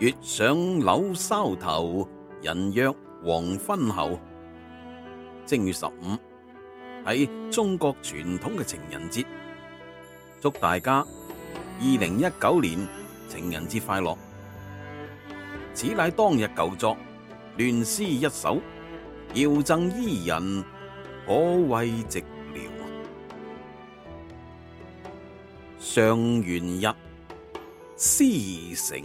月上柳梢頭，人約黃昏後。正月十五係中國傳統嘅情人節，祝大家二零一九年情人節快樂！此乃當日舊作，亂詩一首，遙贈伊人，可慰寂寥。上元日，思成。